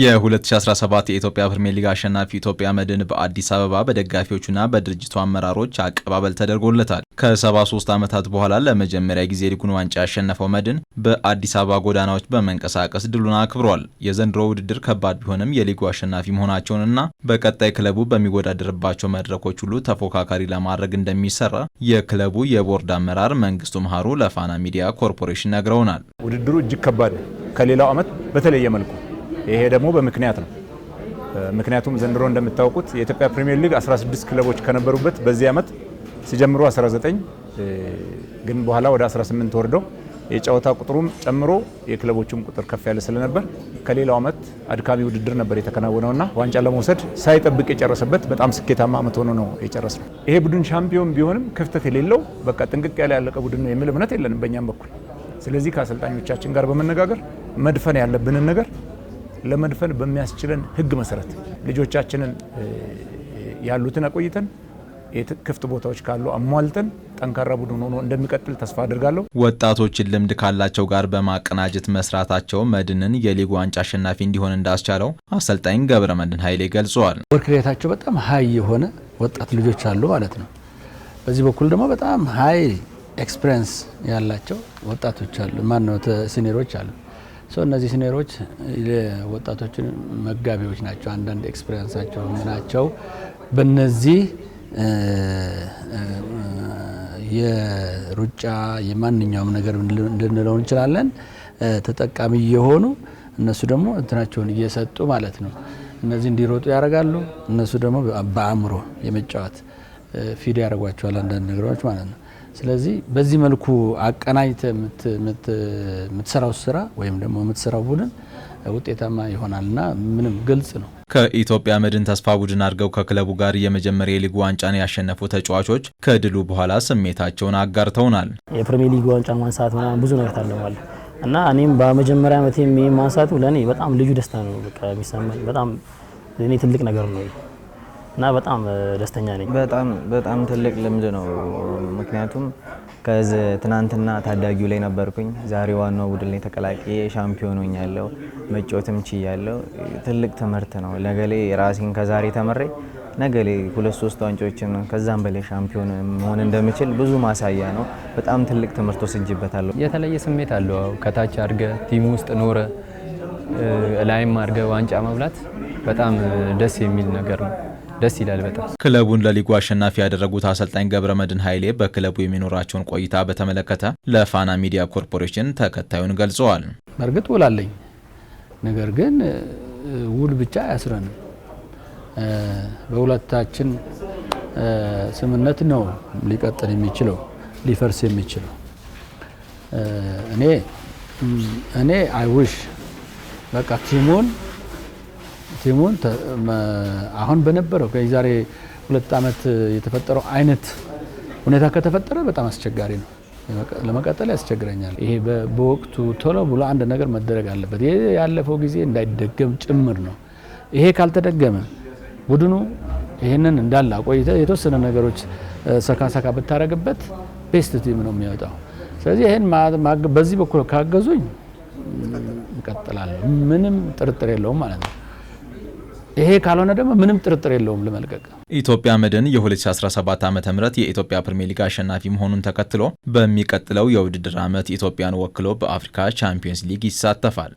የ2017 የኢትዮጵያ ፕሪሚየር ሊግ አሸናፊ ኢትዮጵያ መድን በአዲስ አበባ በደጋፊዎቹና በድርጅቱ አመራሮች አቀባበል ተደርጎለታል። ከ73 ዓመታት በኋላ ለመጀመሪያ ጊዜ ሊጉን ዋንጫ ያሸነፈው መድን በአዲስ አበባ ጎዳናዎች በመንቀሳቀስ ድሉን አክብሯል። የዘንድሮ ውድድር ከባድ ቢሆንም የሊጉ አሸናፊ መሆናቸውንና በቀጣይ ክለቡ በሚወዳደርባቸው መድረኮች ሁሉ ተፎካካሪ ለማድረግ እንደሚሰራ የክለቡ የቦርድ አመራር መንግስቱ መሀሩ ለፋና ሚዲያ ኮርፖሬሽን ነግረውናል። ውድድሩ እጅግ ከባድ ከሌላው ዓመት በተለየ መልኩ ይሄ ደግሞ በምክንያት ነው። ምክንያቱም ዘንድሮ እንደምታውቁት የኢትዮጵያ ፕሪሚየር ሊግ 16 ክለቦች ከነበሩበት በዚህ ዓመት ሲጀምሩ 19 ግን በኋላ ወደ 18 ወርደው የጨዋታ ቁጥሩም ጨምሮ የክለቦቹም ቁጥር ከፍ ያለ ስለነበር ከሌላው ዓመት አድካሚ ውድድር ነበር የተከናወነውና ዋንጫ ለመውሰድ ሳይጠብቅ የጨረሰበት በጣም ስኬታማ ዓመት ሆኖ ነው ነው። ይሄ ቡድን ሻምፒዮን ቢሆንም ክፍተት የሌለው በቃ ጥንቅቅ ያለ ያለቀ ቡድን ነው የሚል እምነት የለንም በእኛም በኩል። ስለዚህ ከአሰልጣኞቻችን ጋር በመነጋገር መድፈን ያለብንን ነገር ለመድፈን በሚያስችለን ህግ መሰረት ልጆቻችንን ያሉትን አቆይተን ክፍት ቦታዎች ካሉ አሟልተን ጠንካራ ቡድን ሆኖ እንደሚቀጥል ተስፋ አድርጋለሁ። ወጣቶችን ልምድ ካላቸው ጋር በማቀናጀት መስራታቸው መድንን የሊጉ ዋንጫ አሸናፊ እንዲሆን እንዳስቻለው አሰልጣኝ ገብረ መድን ኃይሌ ገልጸዋል። ወርክሬታቸው በጣም ሀይ የሆነ ወጣት ልጆች አሉ ማለት ነው። በዚህ በኩል ደግሞ በጣም ሀይ ኤክስፔሪንስ ያላቸው ወጣቶች አሉ፣ ማነው ሲኒሮች አሉ። ሰው እነዚህ ሲኒየሮች ወጣቶችን መጋቢዎች ናቸው። አንዳንድ ኤክስፔሪንሳቸው ምናቸው በነዚህ የሩጫ የማንኛውም ነገር እንድንለው እንችላለን ተጠቃሚ እየሆኑ እነሱ ደግሞ እንትናቸውን እየሰጡ ማለት ነው። እነዚህ እንዲሮጡ ያደርጋሉ። እነሱ ደግሞ በአእምሮ የመጫወት ፊድ ያደርጓቸዋል አንዳንድ ነገሮች ማለት ነው። ስለዚህ በዚህ መልኩ አቀናጅተ የምትሰራው ስራ ወይም ደግሞ የምትሰራው ቡድን ውጤታማ ይሆናልና ምንም ግልጽ ነው። ከኢትዮጵያ መድን ተስፋ ቡድን አድርገው ከክለቡ ጋር የመጀመሪያ የሊግ ዋንጫን ያሸነፉ ተጫዋቾች ከድሉ በኋላ ስሜታቸውን አጋርተውናል። የፕሪሚየር ሊግ ዋንጫን ማንሳት ብዙ ነገር ታለማል እና እኔም በመጀመሪያ ዓመቴ ማንሳቱ ለእኔ በጣም ልዩ ደስታ ነው የሚሰማኝ በጣም እኔ ትልቅ ነገር ነው። እና በጣም ደስተኛ ነኝ። በጣም በጣም ትልቅ ልምድ ነው። ምክንያቱም ከዚ ትናንትና ታዳጊው ላይ ነበርኩኝ፣ ዛሬ ዋናው ቡድን ላይ ተቀላቅዬ ሻምፒዮን ሆኛለሁ፣ መጫወትም ችያለሁ። ትልቅ ትምህርት ነው። ለገሌ ራሴን ከዛሬ ተምሬ ነገሌ ሁለት ሶስት ዋንጫዎችን ከዛም በላይ ሻምፒዮን መሆን እንደምችል ብዙ ማሳያ ነው። በጣም ትልቅ ትምህርት ወስጅበታለሁ። የተለየ ስሜት አለው። ከታች አድርገ ቲም ውስጥ ኖረ ላይም አድርገ ዋንጫ መብላት በጣም ደስ የሚል ነገር ነው። ደስ ይላል በጣም። ክለቡን ለሊጉ አሸናፊ ያደረጉት አሰልጣኝ መድን ኃይሌ በክለቡ የሚኖራቸውን ቆይታ በተመለከተ ለፋና ሚዲያ ኮርፖሬሽን ተከታዩን ገልጸዋል። በእርግጥ ውል አለኝ፣ ነገር ግን ውል ብቻ አያስረንም። በሁለታችን ስምነት ነው ሊቀጥል የሚችለው ሊፈርስ የሚችለው። እኔ እኔ አይውሽ በቃ ቲሙን ቲሙን አሁን በነበረው ከዛሬ ሁለት ዓመት የተፈጠረው አይነት ሁኔታ ከተፈጠረ በጣም አስቸጋሪ ነው፣ ለመቀጠል ያስቸግረኛል። ይሄ በወቅቱ ቶሎ ብሎ አንድ ነገር መደረግ አለበት። ያለፈው ጊዜ እንዳይደገም ጭምር ነው። ይሄ ካልተደገመ ቡድኑ ይህንን እንዳለ አቆይተ የተወሰነ ነገሮች ሰካ ሰካ ብታረግበት ቤስት ቲም ነው የሚወጣው። ስለዚህ ይህን በዚህ በኩል ካገዙኝ እቀጥላለሁ፣ ምንም ጥርጥር የለውም ማለት ነው። ይሄ ካልሆነ ደግሞ ምንም ጥርጥር የለውም ለመልቀቅ። ኢትዮጵያ መድን የ2017 ዓ ም የኢትዮጵያ ፕሪሚየር ሊግ አሸናፊ መሆኑን ተከትሎ በሚቀጥለው የውድድር ዓመት ኢትዮጵያን ወክሎ በአፍሪካ ቻምፒየንስ ሊግ ይሳተፋል።